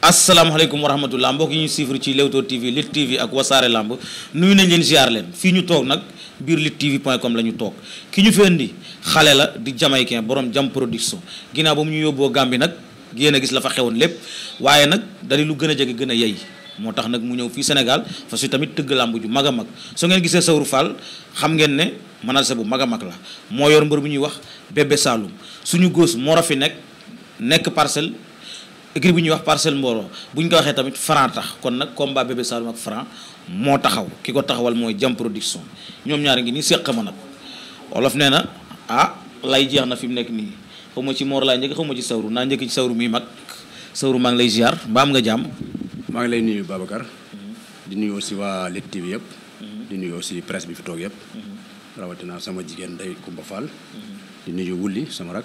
asalaamaaleykum wa rahmatullah mbokk ki ñu suivre ci Leewtoo TV Lutte TV ak wasaare lamb nuyu nañ leen ziar leen fii ñu toog nag biir Lutte TV point com la ñu toog ki ñu fi indi xale la di jamaïcain borom jam production ginnaaw ba mu ñu yóbboo Gàmbi nag yéen gis la fa xewoon lépp waaye nag dali lu gën a jege gën a yey moo tax nag mu ñëw fii senegal fa su tamit tëgg làmb ju mag a mag soo ngeen gisee Sawru Fall xam ngeen ne manager bu mag a mag la moo yor mbër bu ñuy wax Bébé suñu góos moo ra fi nekk nekk parcelle. écrit bu ñuy wax parcelle mbooloo bu ñu ko waxee tamit franc tax kon nag combat bébé Saloum ak franc moo taxaw ki ko taxawal mooy jam production ñoom ñaari ngi nii séq ma nag olof nee na ah lay jeex na fi mu nekk nii xaw ma ci moor laa njëkk xaw ma ci sawru naa njëkk ci sawru muy mag sawru maa ngi lay ziar mbaam nga jàmm. maa ngi lay nuyu Babacar. di nuyu si waa Leewtoo TV yëpp. di nuyu aussi presse bi fi toog yëpp. Mhm. rawatinaa sama jigéen day Kumba Fall. Mhm. di nuyu wulli sama rak.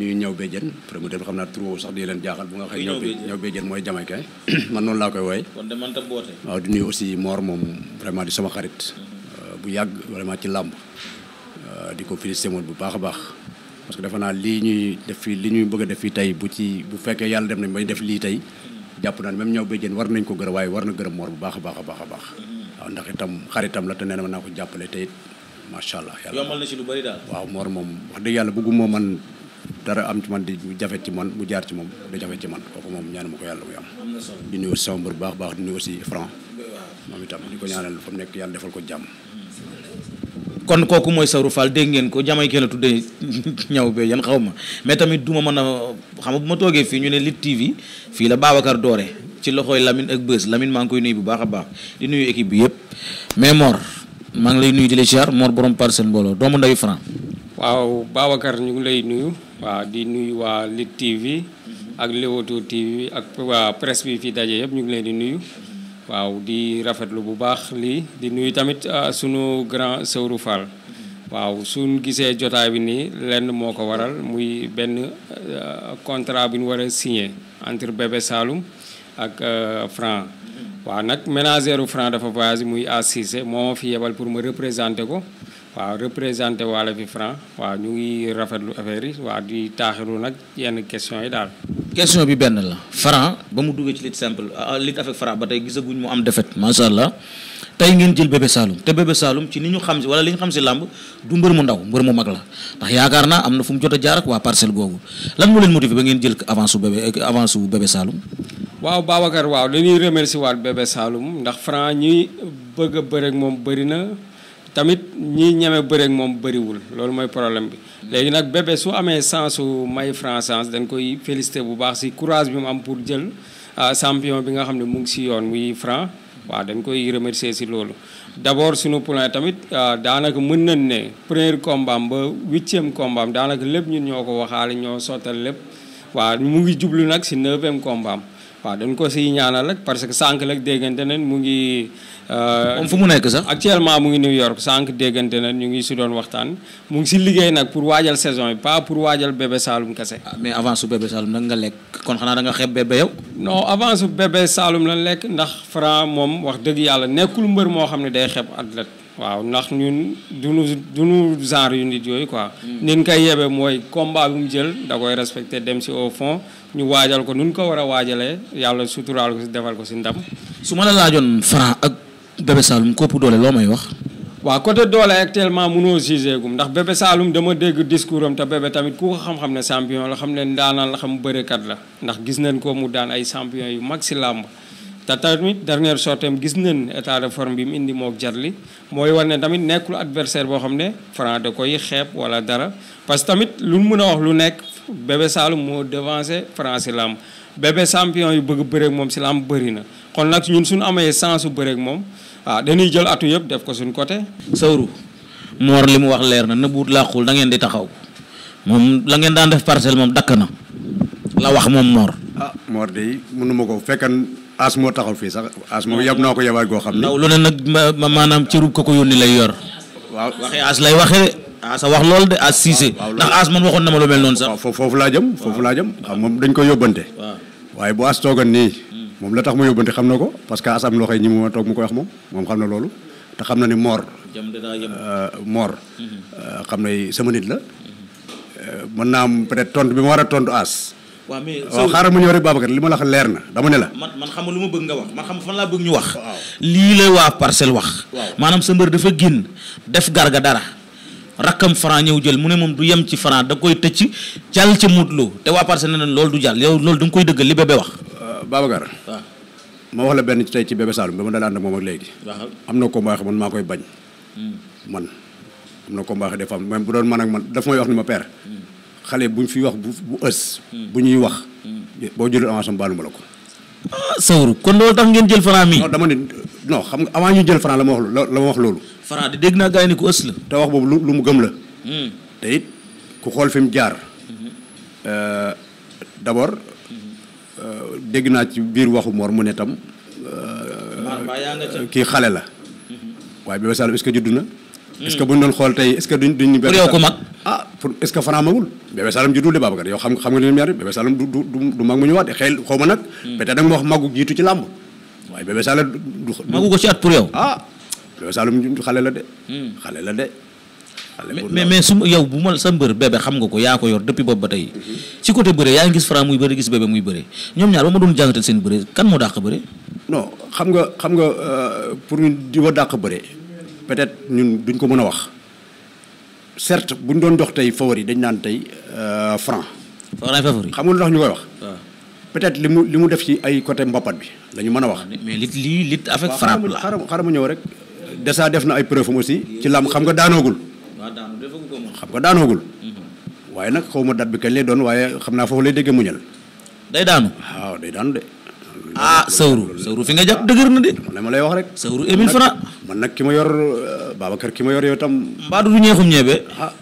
nuyu ñëw béjjën promoteur bi xam naa trop sax di leen jaaxal bu nga xëy mooy jamaykay man noonu laa koy wooye waaw di aussi Mor moom vraiment di sama xarit euh, bu yàgg vraiment ci làmb euh, di ko félicité moom bu baax a baax parce que defe naa lii ñuy def fii li ñuy bëgg a def fii tey bu ci bu fekkee yàlla dem nañ bay def lii tey jàpp naa ne même ñëw béjjën war nañ ko gërëm waaye war na gërëm moor bu baax a baax a baax a baax waaw ndax itam xaritam la te nee na naa ko jàppale te it macha allah yàlla waaw Mor moom dëgg yàlla bëgguma man dara am ci man di jafe ci man mu jaar ci moom da jafe ci man kooku moom ñaan ma ko yàlla muy am di nuyu sama mbër baax baax di nuyu aussi ko ñaanal fa mu nekk yàlla defal ko yan xaw ma mais tamit du ma mën a xam bu ma toogee fii ñu ne Lutte TV fii la Babacar Doore ci loxooy Lamine ak Beuz Lamine maa ngi koy nuyu bu baax a baax di bi yëpp mais Mor maa lay nuyu di la ziar Mor borom parcelle mbooloo doomu ndeyu Franc waaw Babacar ñu lay nuyu waaw di nuyu waa Lit TV ak Leewtoo TV ak waa presse bi fi daje yëpp ñu ngi leen di nuyu waaw di rafetlu bu baax lii di nuyu tamit ah, suñu grand Sëwru Fall waaw suñ gisee jotaay bi nii lenn moo ko waral muy benn ah, contrat bi ñu war a signé entre Bébé Saloum ak ah, Franc waaw nag ménagère Franc dafa voyagé muy A Cissé moo ma fi yebal pour mu représenter ko waaw représenté waala fi franc waaw ñu ngi rafetlu affaire yi waaw di taaxilu nag yenn question yi daal. question bi benn la franc ba mu duggee ci lutte simple ah, ah, lutte avec franc ba tey gisaguñ mu am defet macha allah tey ngeen jël bébé Saloum te bébé saalum ci ni ñu xam si wala li ñu xam si làmb du mbër mu ndaw mbër mu mag la ndax yaakaar naa am na fu mu jot a jaar ak waa parcelle googu lan moo leen motivé ba ngeen jël avance su bébé avance su bébé Saloum. waaw Babacar waaw dañuy remercier waat bébé ndax franc bëgg a bëreeg moom bëri na. tamit ñi ñeme bëreek moom bëriwul loolu mooy problème bi. léegi nag bébé su amee sens su may Franchance dañ koy félicité bu baax si courage bi mu am pour jël ah, champion bi nga xam ne mu ngi si yoon muy Franc waaw dañ koy remercier si loolu. d' abord suñu plan tamit ah, daanaka mën nañ ne premier combat ba huitième combat daanaka lépp ñun ñoo ko waxaale ñoo sottal lépp waa mu ngi jublu nag si neuvième kombam waaw dañ ko si ñaanal rek parce que sànq nag déggante neen mu ngi. Euh, moom fu mu nekk sax. actuellement mu ngi New York sànq déggante nañ ñu ngi si doon waxtaan mu ngi si liggéey nag pour waajal saison yi pas pour waajal bébé Saloum kese. Ah, mais avance su bébé Saloum nag nga lekk kon xanaa da nga xeeb bébé yow. non avance su bébé saalum lañ lekk ndax Franc moom wax dëgg yàlla nekkul mbër moo xam ne day xeeb athlète. waaw ndax ñun duñu duñu genre yu nit yooyu quoi. Hmm. nin koy yebe mooy combat bu mu jël da koy respecté dem si au fonds ñu waajal ko nun ko war a waajalee yàlla suturaal ko si ko si ndam. su ma la laajoon Franc ak Bébé Saloum kopp doole loo may wax. waaw côté doole actuellement mënoo giseegum ndax Bébé saalum dama dégg discours am te Bébé tamit ku ko xam-xam ne champion la xam ne ndaanaan la xam bërekat la ndax gis nañ ko mu daan ay champion yu mag si làmb. te tamit dernière sortem gis nañ état de forme bi mu indi mook Jarli mooy wane ne tamit nekkul adversaire boo xam ne Franc da koy xeeb wala dara parce que tamit lu mën a wax lu nekk Bébé Saloum moo devancé Franc si làmb Bébé champion yu bëgg bëreeg moom si làmb bëri na kon nag ñun suñu amee sens su bëreeg moom waaw ah, dañuy jël atu yëpp def ko suñ côté. Sawru Mor li mu wax leer na nëbbuut làqul da ngeen di taxaw moom la ngeen daan def parcelle moom dakk na la wax as moo taxul fii sax as moom yab naa ko yabaat goo xam ne. ndaw lu ne nag ma maanaam cërub ko ko yónni lay yor. a waxoon ma lu mel noonu sax. laa jëm foofu laa jëm. ko yóbbante. waaye bu as toogoon hmm. moom la tax mu yóbbante xam na ko parce que as am loxo yi ñi mu ma xam na loolu xam na ni moor. moor euh, hmm. euh, xam na sama nit la. Hmm. Euh, mën naa am peut-être tontu bi ma war a tontu as. waaw mais waaw xaaral ma ñëw rek Babacar li ma la leer na dama ne la man man xam lu ma bëgg nga wax man xam fan laa bëgg ñu wax lii lay waa parcelle wax maanaam sa mbër dafa génn def garga dara rakkam Franc ñëw jël mu ne moom du yem ci Franc danga koy tëcc jàll ci Modou Lo te waa parcelle ne loolu du jàll yow loolu da nga koy dëggal li bébé wax euh, Babacar waaw ma wax la benn ci tey ci bébé Saloum ba ma dala ànd ak moom ak léegi am na combat xam man maa koy bañ hmm. man am na combat des fois même bu doon man ak man daf may wax ni ma père hmm. xale bu buñ fi wax bu bu ës. bu ñuy wax. boo jëlul avance am baaluma la ko. ah kon loolu tax ngeen jël Franc mi. dama ne non xam nga avant ñu jël Franc la ma wax wax loolu. Franc di dégg naa gars yi ni ku ës la. te wax boobu lu mu gëm la. Hmm. te ku xool fi mu jaar. Hmm. Euh, d'abord hmm. euh, dégg naa ci biir waxu Mor mu ne tam. Euh, kii xale la. waaye Bébé Saloum est-ce que juddu na. est-ce que buñ doon xool tey est-ce que duñ duñ. pour yow ko mag. ah pour est ce que Franc magul Bébé Saloum ji du de Babacar yow xam xam du mag mu ñu wax de xel xaw ma nag hmm. magu ko ci at pour yow ah Bébé hmm. xale la de xale la de mais mais su yow bu ma sa mbër bébé xam nga ko yaa ko yor depuis boobu ba tey mhm. ci côté bëre yaa ngi gis Franc muy bëre gis bébé muy bëre ñoom ñaar ba ma doon jàngatal seen bëre kan moo dàq bëre non xam nga xam nga euh, pour ñu di wa dàq bëre peut ñu ñun duñ ko mën a wax certes bu ñu doon dox tey favori dañ naan tey euh, franc. franc favori xam nga ñu koy wax. Ah. peut-être li mu li mu def ci ay côté mbapat bi la mën a wax. mais lit lii lit avec frappe la waaw ñëw rek. déjà def na ay preuve aussi ci lam xam nga daanoogul. waaw xam nga daanoogul. Mhm. waaye nag xaw ma date bi kañ lay doon waaye xam naa foofu lay déggee muñal. day daanu. waaw day daanu de. ah sawru sawru fi nga jàpp dëgër na de. ma lay wax rek. sawru émile franc man nag ki ma yor euh, Babacar ki ma yor yow tam. mbaa du ñeexum ñebe. ah,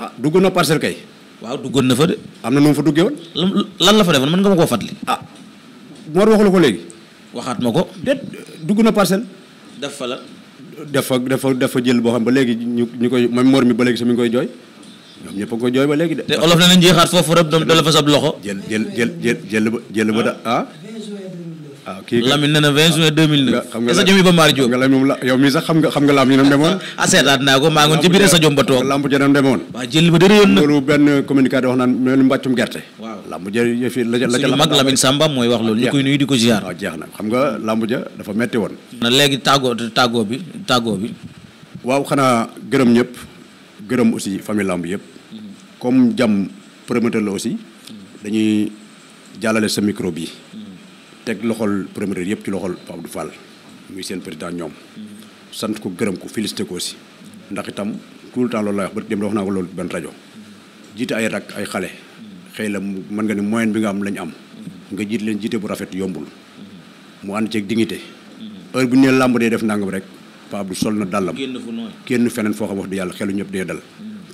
ah dugg na parcelle kay. waaw duggoon na fa de. am na nu mu fa duggee woon. lan la fa defoon mën nga ma koo fàttali. ah Mor waxu la ko léegi. waxaat ma ko. déet dugg na parcelle. def fa la. dafa dafa dafa jël boo xam ba léegi ñu ñu koy même moor mi ba léegi sax mi ngi koy jooy. ñoom ñëpp a jooy ba léegi de. te olof na nañ jeexaat foofu rek dala fa sab loxo. jël jël jël jël jël ba da ah. waaw ah, kii Lamine nee na 20 juin 2009. xam nga stade Iba Mar Diop. nga moom la yow mii sax xam nga xam nga lamb ñu doon demoon. Ah, ah seetaat naa ko maa ngoon ci biir stade ba toog. lamb ja doon demoon. waaw jël ba dërëyoon na. loolu benn communicateur wax naan mel mbàccum gerte. waaw lamb ja yëf la ca la ca. suñu mag Lamine Samba mooy wax loolu. Ah, ñu koy nuyu di ko ziar. waaw jeex na xam nga lamb ja dafa metti woon. na léegi bi waaw xanaa gërëm ñëpp gërëm aussi famille lamb yëpp mm-hmm. comme jàmm promoteur la aussi mm-hmm. dañuy jàllale sa micro yi teg loxol premier yëpp ci loxol Pape Abdou Fall muy seen président ñoom. sant ko gërëm ko félicité ko aussi. ndax itam tout le temps loolu lay wax ba naa loolu benn rajo. jiite ay rak ay xale. xëy la mën nga ne moyen bi nga am lañ am. nga jiite leen jiite bu rafet yombul. mu ànd ceeg dignité. heure bu ñu nee làmb dee def nangam rek Pape Abdou sol na dàllam. kenn feneen foo xam wax du yàlla xelu ñëpp dee dal.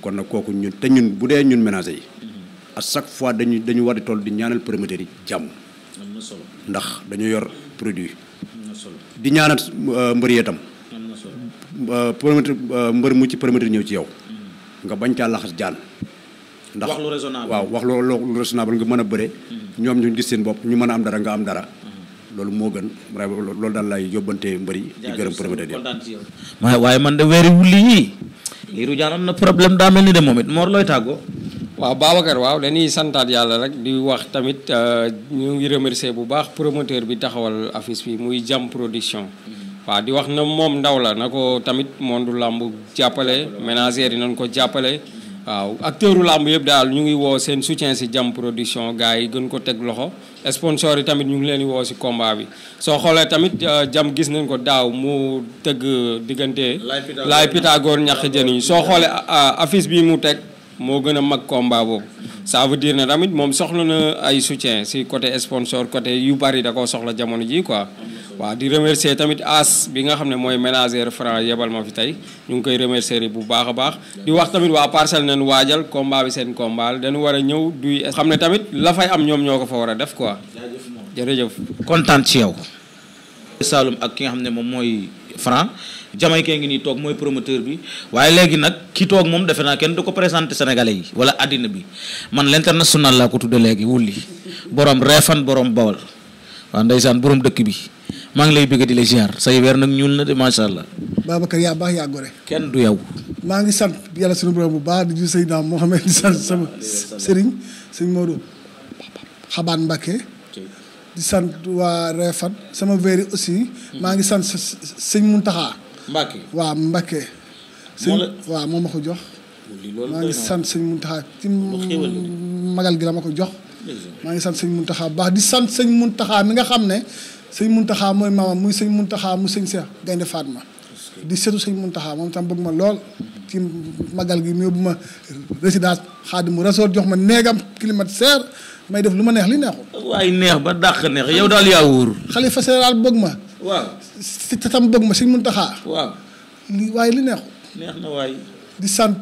kon nag kooku ñun te ñun bu dee ñun ménager yi. à chaque fois dañu dañu war di toll di ñaanal promoteur yi jàmm. ndax dañu yor produit di ñaanat euh, mbër yi itam euh, promoteur euh, mbër mu ci promoteur ñëw ci yow mm-hmm. nga bañ caa laxas jaan ndax wax lu raisonnable waaw wax lu lu raisonnable nga mën a bëre mm-hmm. ñoom ñu gis seen bopp ñu mën a am dara nga am dara mm-hmm. loolu moo gën loolu daal lay yóbbante mbër yi di gërëm promoteur yi waaye man de weeri wulli yii liiru jaan am na problème daa mel ni de moom it moor looy tàggoo waaw baa Babacar waaw dañuy santaat yàlla rek di wax tamit euh, ñu ngi remercier bu baax promoteur bi taxawal affiche bi muy Jam Production waaw di wax na moom ndaw la na ko tamit monde làmb jàppale ménagère yi nañ ko jàppale waaw acteuru làmb yëpp daal ñu ngi woo seen soutien si Jam Production gars yi gën ko teg loxo sponsor yi tamit ñu ngi leen di woo si combat bi soo xoolee tamit euh, Jam gis nañ ko daaw mu tëgg diggante laay Pythagore ñàkk jën yi soo xoolee euh, affiche bi mu teg moo gën a mag combat boobu ça veut dire ne tamit moom soxla na ay soutien si côté sponsor coté yu bari da ko soxla jamono ji quoi waaw di remercier tamit as bi nga xam ne mooy ménager franc yebal ma fi tey ñu ngi koy remercier bu baax a baax di wax tamit waa parcelle nañ waajal combat bi seen combat dañu war a ñëw duy xam ne tamit la fay am ñoom ñoo ko fa war a def quoi jërëjëf ci yow Saloum ak ki nga xam ne moom mooy franc kee ngi nii toog mooy promoteur bi waaye léegi nag ki toog moom defe naa kenn du ko présenté sénégalais yi wala àddina bi man l'international laa ko tudde léegi wulli borom reefan borom bawal waaw ndeysaan borom dëkk bi maa ngi lay bëgg di la ziar say weer nag ñuul na de macha allah. Babacar yaa baax yaa gore. kenn du yow. maa ngi sant yàlla sunu borom bu baax di nuyu Seydina Mohamed di sant sama sëriñ sëñ Modou Xabaan Mbacke. di sant waa Réfane sama véeri aussi. maa ngi sant sëñ Muntaxa. taxaa waaw Mbacke. moo la sëñ waaw moom ma ko jox. maa ngi sant sëñ Muntaxa ci magal gi la ma ko jox. maa ngi sant sëñ Muntaxa baax di sant sëñ Muntaxa mi nga xam ne sëñ Muntaxa mooy maamam muy sëñ Muntaxa mu sëñ Seex Gaynde Fatma di setu mun Muntaxa moom tam bëgg ma lool ci magal gi mu yóbbu ma résidence mu Rasuul jox ma néegam climatiseur may def lu ma neex li neexul. waaye neex ba dàq neex yow daal yaa wóor. xalifa général bëgg ma. waaw si tatam bëgg ma si Muntaxa. waaw li waaye li neexul. neex na waay. di sant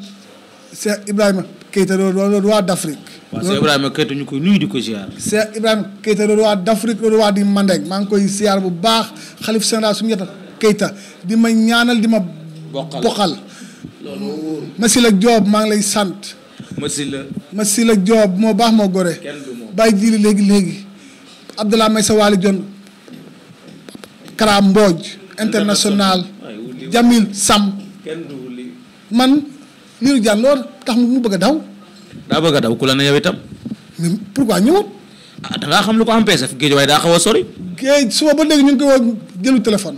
Cheikh Ibrahima Keita loolu loolu d'Afrique. Ibrahima Keita ñu koy ko ziar. Cheikh Ibrahima loolu waa di Mandeng maa ngi koy ziar bu baax xalifa général suñu yàlla Keita di ma ñaanal di ma. boqal boqal. loolu wóor. Masila maa ngi lay sant. Masila. la Joob moo baax moo gore. kenn du moom bàyyi léegi léegi. Abdallah Maysa Waali Jon. Kara Mbooj. international Jamil Sam. kenn du wuli. man Lirou Diane loolu tax mu bëgg a daw. daa bëgg a daw ku la ne yow itam. mais pourquoi ñëwut. ah xam lu ko am PSF géej waaye daa xaw a sori. géej suba ba léegi ñu ngi koy woo jëlu téléphone.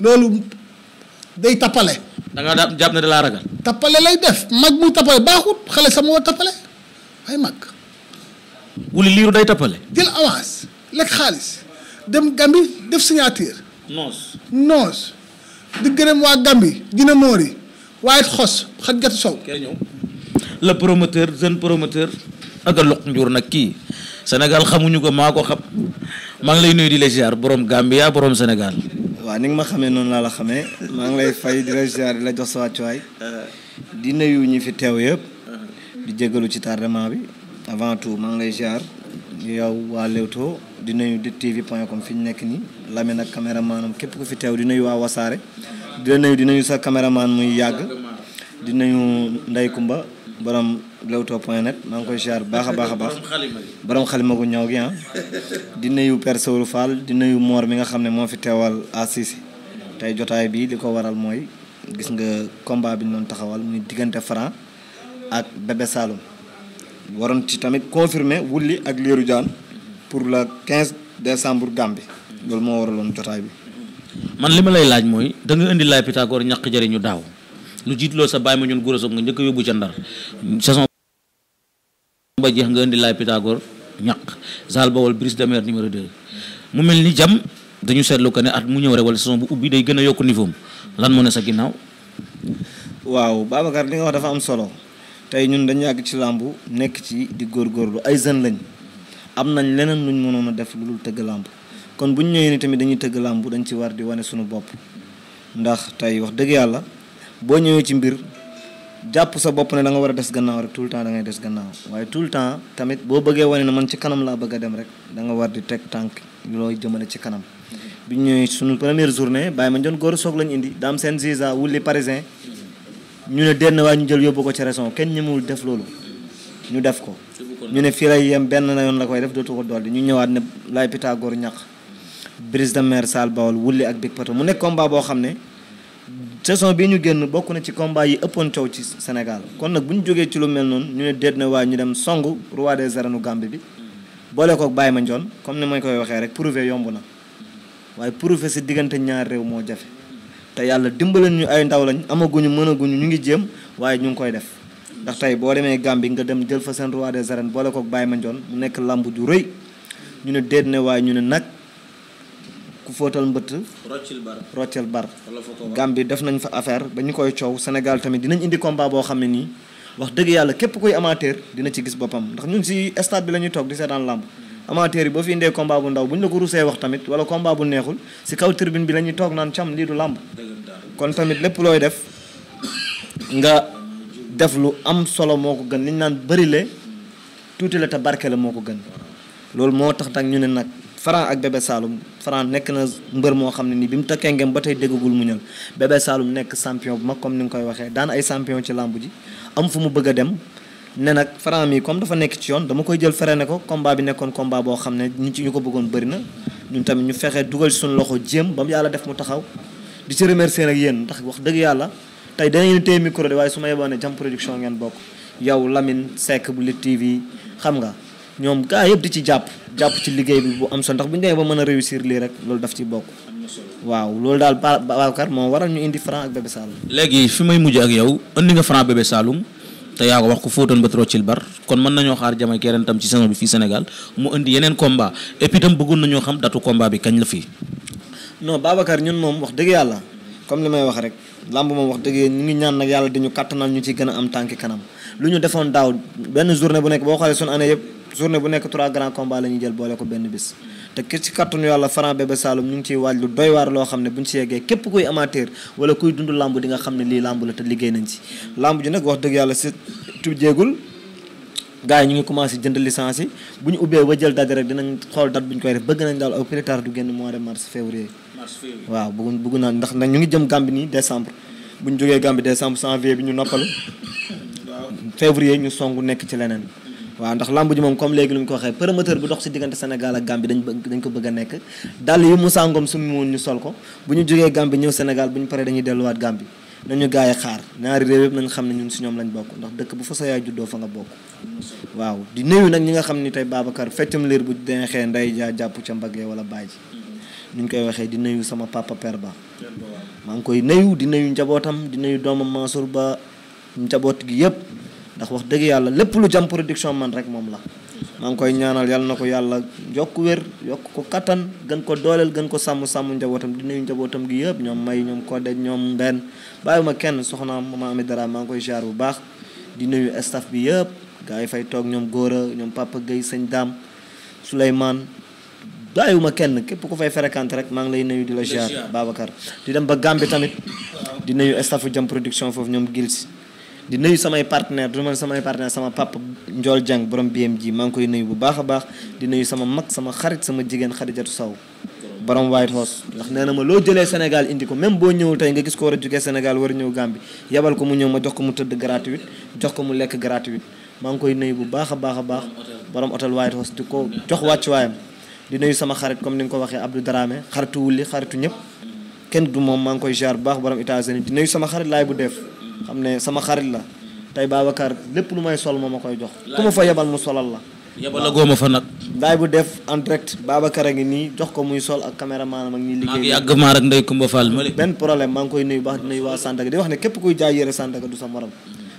loolu day tappale da daal daa jàpp ne da laa ragal tappale lay def mag mu tappale baaxut xale sama war tappale ay mag wuli liiru day tappale jël avance lekk xaalis dem Gambie def signature noos noos di gërëm waa Gambie dina moori waaye xos xaj gatu sow ñëw le promoteur jeune promoteur ak a loq njuur nag kii Sénégal xamuñu ko maa ko xam maa ngi lay nuyu di la ziar borom Gambia borom Sénégal waaw ni nga ma xamee noonu laa la xamee maa ngi lay fay di la ziar di la jox sa wàccuwaay di nuyu ñu fi teew yëpp di jégalu ci tardement bi avant tout maa ngi lay ziar yow waa Leewtoo di nuyu di tv point com fi ñu nekk nii nag ak caméramanam képp ku fi teew di nuyu waa Wasaare di nuyu di nuyu sa caméraman muy yàgg di nuyu Ndey Kumba borom Leewtoo point net maa ngi koy ziar bu baax a baax a baax borom xalima gu ñëw gi ah di nuyu Père Sowru Fall di nuyu Mor mi nga xam ne moo fi teewal Assis tey jotaay bii li ko waral mooy gis nga combat bi doon taxawal muy diggante Franc ak Bébé Saloum waroon ci tamit confirmé wulli ak Lirou Diane pour le 15 décembre Gambie loolu moo waral waraloon jotaay bi. man li ma lay laaj mooy da nga indi laay Pythagore ñàkk jëriñu daaw. lu jiit loolu sa bàyyi ma ñun gura soog nga njëkk yóbbu ca ndar saison ba jeex nga indi laay Pythagore ñaq Zal Bawol brise de mer numéro 2 mu mel ni jam dañu seetlu que ne at mu ñëw rek wala saison bu ubbi day gën a yokk niveau lan moo ne sa ginnaaw waaw Babacar li nga wax dafa am solo tey ñun dañu yàgg ci làmbu nekk ci di góor góorgóorlu ay jeunes lañ am nañ leneen luñ mënoon a def lu dul tëgg làmb kon bu ñu ñëwee ni tamit dañuy tëgg làmb dañ ci war di wane suñu bopp ndax tey wax dëgg yàlla boo ñëwee ci mbir jàpp sa bopp ne da nga war a des gannaaw rek tout le temps da ngay des gannaaw waaye tout le temps tamit boo bëggee wane ne man ci kanam laa bëgg a dem rek danga nga war di teg tànk looy jëmale ci kanam. bi ñu ñëwee suñu première journée Baye ma góor soog lañ indi daam seen visa wulli parisien ñu ne denn waaye ñu jël yóbbu ko ci raison kenn ñemewul def loolu ñu def ko. ñu ne fii lay yem benn na yoon la koy def dootu ko dolli ñu ñëwaat ne lay Pythagore ñax. brise de mer Sall Bawol wulli ak Big Pato mu nekk combat boo xam ne. saison bi ñu génn bokk na ci combat yi ëppoon coow ci Sénégal kon nag bu ñu jógee ci lu mel noonu ñu ne déet na waaye ñu dem song roi des arènes Gambie bi boole koog Baye Mandione comme ni ma koy waxee rek prouver yomb na waaye prouver si diggante ñaar réew moo jafe te yàlla dimbaleen ñu ay ndaw lañ amaguñu mënaguñu ñu ngi jéem waaye ñu ngi koy def ndax tey boo demee Gambie nga dem jël fa seen roi des arènes boole koog Baye Mandione mu nekk lamb ju rëy ñu ne déet na waaye ñu ne nag. ku fóotal mbëtt roccal bar Gambie def nañ fa affaire ba ñu koy coow Sénégal tamit dinañ indi combat boo xam ne nii wax dëgg yàlla képp koy amateur dina ci gis boppam ndax ñun si stade bi lañuy toog di seetaan làmb amateur yi boo fi indee combat bu ndaw bu ñu la ko rusee wax tamit wala combat bu neexul si kaw tribune bi la ñuy toog naan cam lii du làmb kon tamit lépp looy def nga def lu am solo moo ko gën liñ naan bëri le tuuti la te barke la moo ko gën Franc ak Bébé Saloum Franc nekk na mbër moo xam ne nii bi mu takkee ngeen ba tey déggagul mu ñëw Bébé Saloum nekk champion bu ma comme ni nga koy waxee daan ay champion ci làmb ji am fu mu bëgg a dem ne nag Franc mi comme dafa nekk ci yoon dama koy jël ne ko combat bi nekkoon komba boo xam ne ñi ci ñu ko bëggoon bëri na ñun tamit ñu fexee dugal suñu loxo jéem ba mu yàlla def mu taxaw di ci remercier nag yéen ndax wax dëgg yàlla tey danañu téye micro waaye su ma yeboo ne jam production ngeen bokk yow Lamine Seck bu Lutte TV xam nga ñoom gaa yëpp di ci jàpp jàpp ci liggéey bi bu am solo ndax bu ñu demee ba mën a réussir lii rek loolu daf ci bokk. waaw loolu daal Babacar moo waral ñu indi Franc ak Bébé Saloum. léegi may mujj ak yow indi nga Franc Bébé Saloum te yaa ko wax ko fóotoon ba trop ci bar kon mën nañoo xaar jamay keneen tam ci saison bi fii Sénégal mu indi yeneen combat et puis tam bëggoon nañoo xam datu combat bi kañ la fii. non Babacar ñun moom wax dëgg yàlla comme li may wax rek làmb moom wax dëgg ñu ngi ñaan nag yàlla di ñu kattanal ci gën a am tànki kanam lu ñu defoon daaw benn journée bu nekk boo xoolee suñu année yëpp journée bu nekk trois grands combats la ñuy jël boole ko benn bis te ki ci kàttanu yàlla Franc Bébé ngi ciy waaj waar loo xam ne buñ ci yeggee képp kuy amateur wala kuy dund lamb di nga xam ne lii lamb la te liggéey nañ ci lamb ji nag wax dëgg yàlla si tu jéegul ñu ngi commencé jënd licence yi bu ñu ubbee ba jël date rek dinañ xool date ñu koy def bëgg nañ daal au plus du génn mois de mars février waaw bëgg bëgg ndax nag ñu ngi jëm Gambie nii décembre bu ñu jógee Gambie décembre janvier bi ñu noppalu février ñu song nekk ci leneen waaw ndax lamb ji moom comme léegi lu ñu ko waxee promoteur bu dox si diggante Sénégal ak Gambie dañ dañ ko bëgg a nekk dàll yu Moussa Ngom suñu woon ñu sol ko bu ñu jógee Gambie ñëw Sénégal bu ñu paree dañuy delluwaat Gambie nañu gars yi xaar ñaari réew yëpp nañ xam ne ñun si ñoom lañ bokk ndax dëkk bu fa sa yaay juddoo fa nga bokk waaw di nuyu nag ñi nga xam ni tey Babacar feccum liir bu denexee nday jaa jàpp ca mbaggee wala bàyyi ni ñu koy waxee di nuyu sama papa père ba maa ngi koy nuyu di nuyu njabootam di nuyu doomam Mansour ba njaboot gi yëpp ndax wax dëgg yàlla lépp lu jam production man rek moom la maa ngi koy ñaanal yàlla na ko yàlla yokk wér yokk ko kattan gën ko dooleel gën ko sàmm sàmm njabootam di nuyu njabootam gi yëpp ñoom may ñoom Codé ñoom benn bàyyiwuma kenn soxna Mama Dara maa ngi koy ziar bu baax di nuyu staff bi yëpp gars yi fay toog ñoom Gora ñoom Papa Guèye Sëñ Dame Souleymane bàyyiwuma kenn képp ku fay fréquenté rek maa ngi lay nuyu di la ziar Babacar di dem ba Gambie tamit dina nuyu staffu jam production foofu ñoom Gilsi di nuyu samay partenaire du man samay partenaire sama papa Ndiol Dieng borom BMG maa ngi koy nuyu bu baax a baax di nuyu sama mag sama xarit sama jigéen Xadijatu Saw borom White House ndax nee na ma loo jëlee Sénégal indi ko même boo ñëwul tey nga gis ko war a jugee Sénégal war a ñëw Gambie yebal ko mu ñëw ma jox ko mu tëdd gratuit jox ko mu lekk gratuit maa ngi koy nuyu bu baax a baax a baax borom hôtel White House di ko jox wàccuwaayam di nuyu sama xarit comme ni nga ko waxee Abdou Dramé xaritu wulli xaritu ñëpp kenn du moom maa ngi koy jaar bu baax borom états di nuyu sama xarit laay bu def xam ne sama xarit la tey Babacar lépp lu may sol moom ma koy jox ku ma fa yebal mu solal la yebal la góoma fa nag daay bu def en direct Babacar a ngi nii jox ko muy sol ak caméraman ak ñuy liggéey maa ngi yàgg maa rek ndey Kumba Fall ma benn problème maa koy nuyu baax di nuyu waa Sandaga di wax ne képp kuy jaay yére Sandaga du sa morom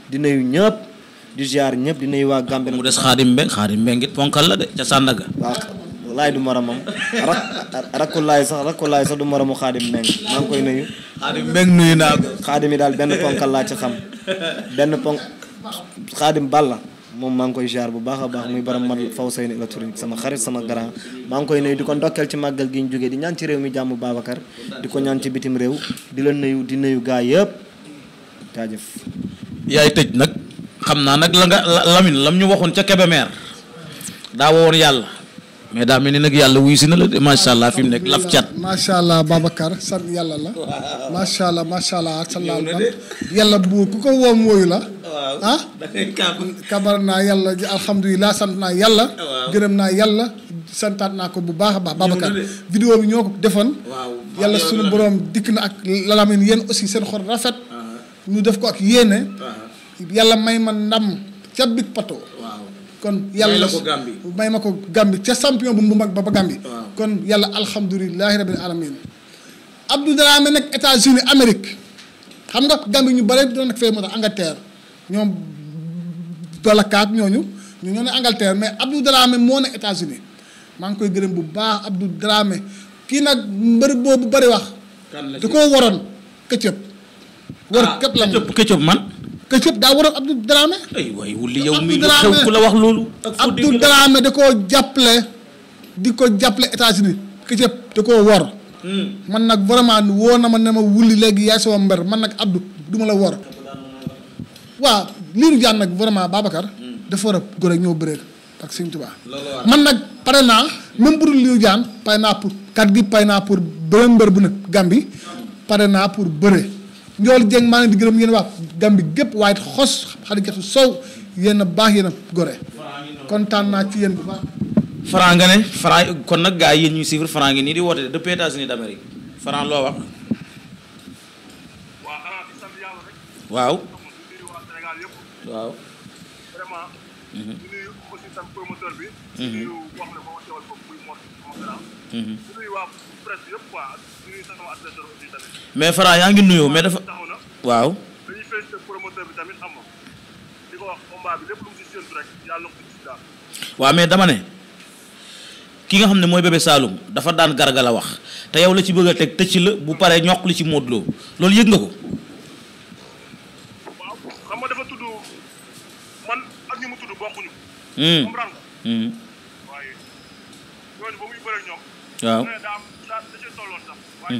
di yu ñëpp di ziar ñëpp di nuyu waa Gambie mu des Xaadim Mbeng Xaadim Mbeng it ponkal la de ca Sandaga laay du moromam rak rakku laay sax rakku laay sax du moromu maa ngi koy nuyu. xaadim meng nuyu naa ko. xaadim daal benn ponkal laa ci xam benn ponk xaadim balla moom maa ngi koy jaar bu baax a baax muy borom man faw say électronique sama xarit sama grand maa ngi koy nuyu di ko ndokkeel ci màggal gi ñu jógee di ñaan ci réew mi jàmm Babacar di ko ñaan ci bitim réew di la nuyu di nuyu gaa yëpp jaajëf. yaay tëj nag xam naa nag la nga Lamine lam ñu waxoon ca Kébémer daa woon yàlla. mais daa mel ni nag yàlla wuyu si na la de macha allah fi mu nekk laf cat. macha allah Babacar sant yàlla la. waaw macha allah macha allah. yàlla bu ku ko la. waaw ah. da ngay kabar naa yàlla alhamdulilah sant naa yàlla. gërëm naa yàlla. santaat naa ko bu baax a baax. Babacar vidéo bi ñoo ko defoon. yàlla suñu borom dikk na ak lalamin yéen aussi seen xol rafet. Uh-huh. ñu def ko ak yéene. Uh-huh. yàlla may ma ndam ca big pato. kon yàlla may ma ko Gàmbi ca champion bu mu mag ba ba Gàmbi kon yàlla alhamdulilahi rabbil alamin Abdou Dramé nag États-Unis Amérique xam nga Gàmbi ñu bare doon nag fee moo tax ñoom balakaat ñooñu ñu ñoo ne Angleterre mais Abdou Dramé moo ne États-Unis maa ngi koy gërëm bu baax Abdou Dramé kii nag mbër boobu bari wax da koo waroon këccëb war këpp la këccëb man kës yëpp daa waroon Abdou Dramé. ay waay da koo jàppale di ko jàppale États-Unis kës da koo wor. Hmm. man nag vraiment woo na ma ne ma wulli léegi yaay sama mber man nag Abdou du ma la wor. waaw liiru jaan nag vraiment Babacar. Hmm. dafa war a góor ak ñëw bëreeg ak Sëñ man nag pare naa même bu dul jaan pare naa pour kat gi pay naa pour bëre mbër bu ne Gambie hmm. pare naa pour bëre. njool jeng maa ngi di gërëm yéen waa Gàmbi gépp waaye xos xarit gerte sow yéen a baax yéen a gore kontaan naa ci yéen bu baax. nga ne Franc kon nag gars yi yéen ñuy suivre Franc ngi nii di woote depuis États-Unis d'Amérique Franc loo wax. waaw. mais Fara yaa ngi nuyoo mais dafa waaw. dañuy mais dama ne ki nga xam ne mooy Bébé Saloum dafa daan garga la wax te yow la ci bëgg a teg tëcc la bu paree ñoq li ci Modou loolu yëg nga ko. waaw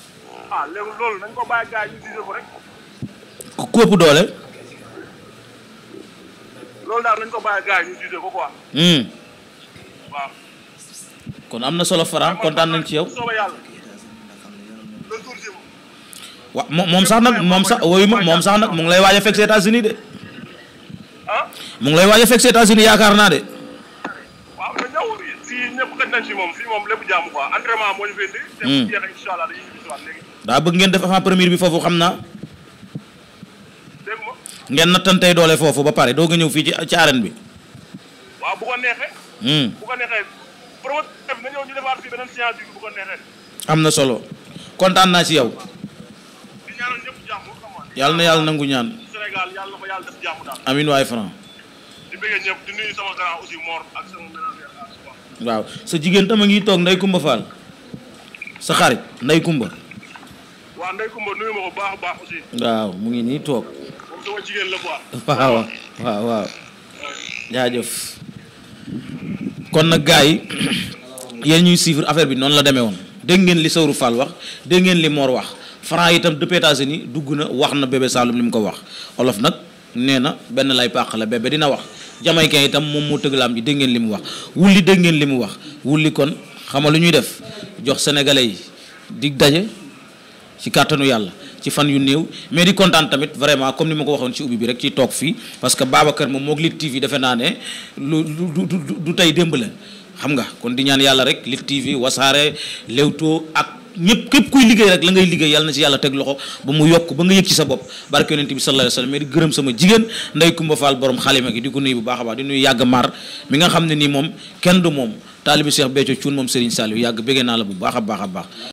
ah léegi loolu nañ ko bàyyi gars yi doole. loolu daal nañ ko bàyyi gars yi ko quoi. Hmm. kon am na solo Franc kontaan nañ ci yow. waaw moom moom sax nag moom sax woyu ma moom sax nag mu lay waaj a fekk si États-Unis de. Ah? mu ngi lay waaj a fekk si États-Unis yaakaar naa de. waaw te si moom moom lépp jàmm quoi entraînement daa bëgg ngeen def avant première bi foofu xam naa ngeen nattantey doole foofu ba pare doo nga ñëw fii ci ci arène bi. Hmm. am na solo kontaan naa ci yow. di na yàlla nangu ñaan. Sénégal yàlla na waaw sa jigéen tam a ngi toog Ndeye Kumba Fall sa xarit Ndeye Kumba. waaw Ndeye Comba nuyu ma ko baax a baax aussi. waaw mu ngi nii toog. moom sama jigéen la quoi. waaw waaw waaw. jaajëf. kon nag gars yi yéen ñuy suivre affaire bi noonu la demee woon dégg ngeen li Sawru Fall wax dégg ngeen li Mor wax Franc itam depuis États-Unis dugg na wax na bébé Saloum li mu ko wax olof nag nee na benn lay pàq la bébé dina wax jamaïcain itam moom moo tëgg laam ji dégg ngeen li mu wax wulli dégg ngeen li mu wax wulli kon xama lu ñuy def jox sénégalais yi dig daje. ci kàttanu yàlla ci fan yu néew mais di kontaan tamit vraiment comme ni ma ko waxoon ci ubbi bi rek ci toog fii parce que Babacar moom moog Lutte TV defe naa ne lu du du du tey démb la xam nga kon di ñaan yàlla rek Lutte TV wasaare Leewtoo ak. ñëpp képp kuy liggéey rek la ngay liggéey yàlla na ci yàlla teg loxo ba mu yokk ba nga yëg ci sa bopp barke yonent bi sallallahu alayhi sama jigéen nday Kumba Fall borom xalima gi di ko nuyu bu baax a baax yàgg mar mi nga xam ne nii moom kenn du moom taalibi Cheikh Béthio Thioune moom Serigne Saliou yàgg bëggee naa la bu baax a baax a baax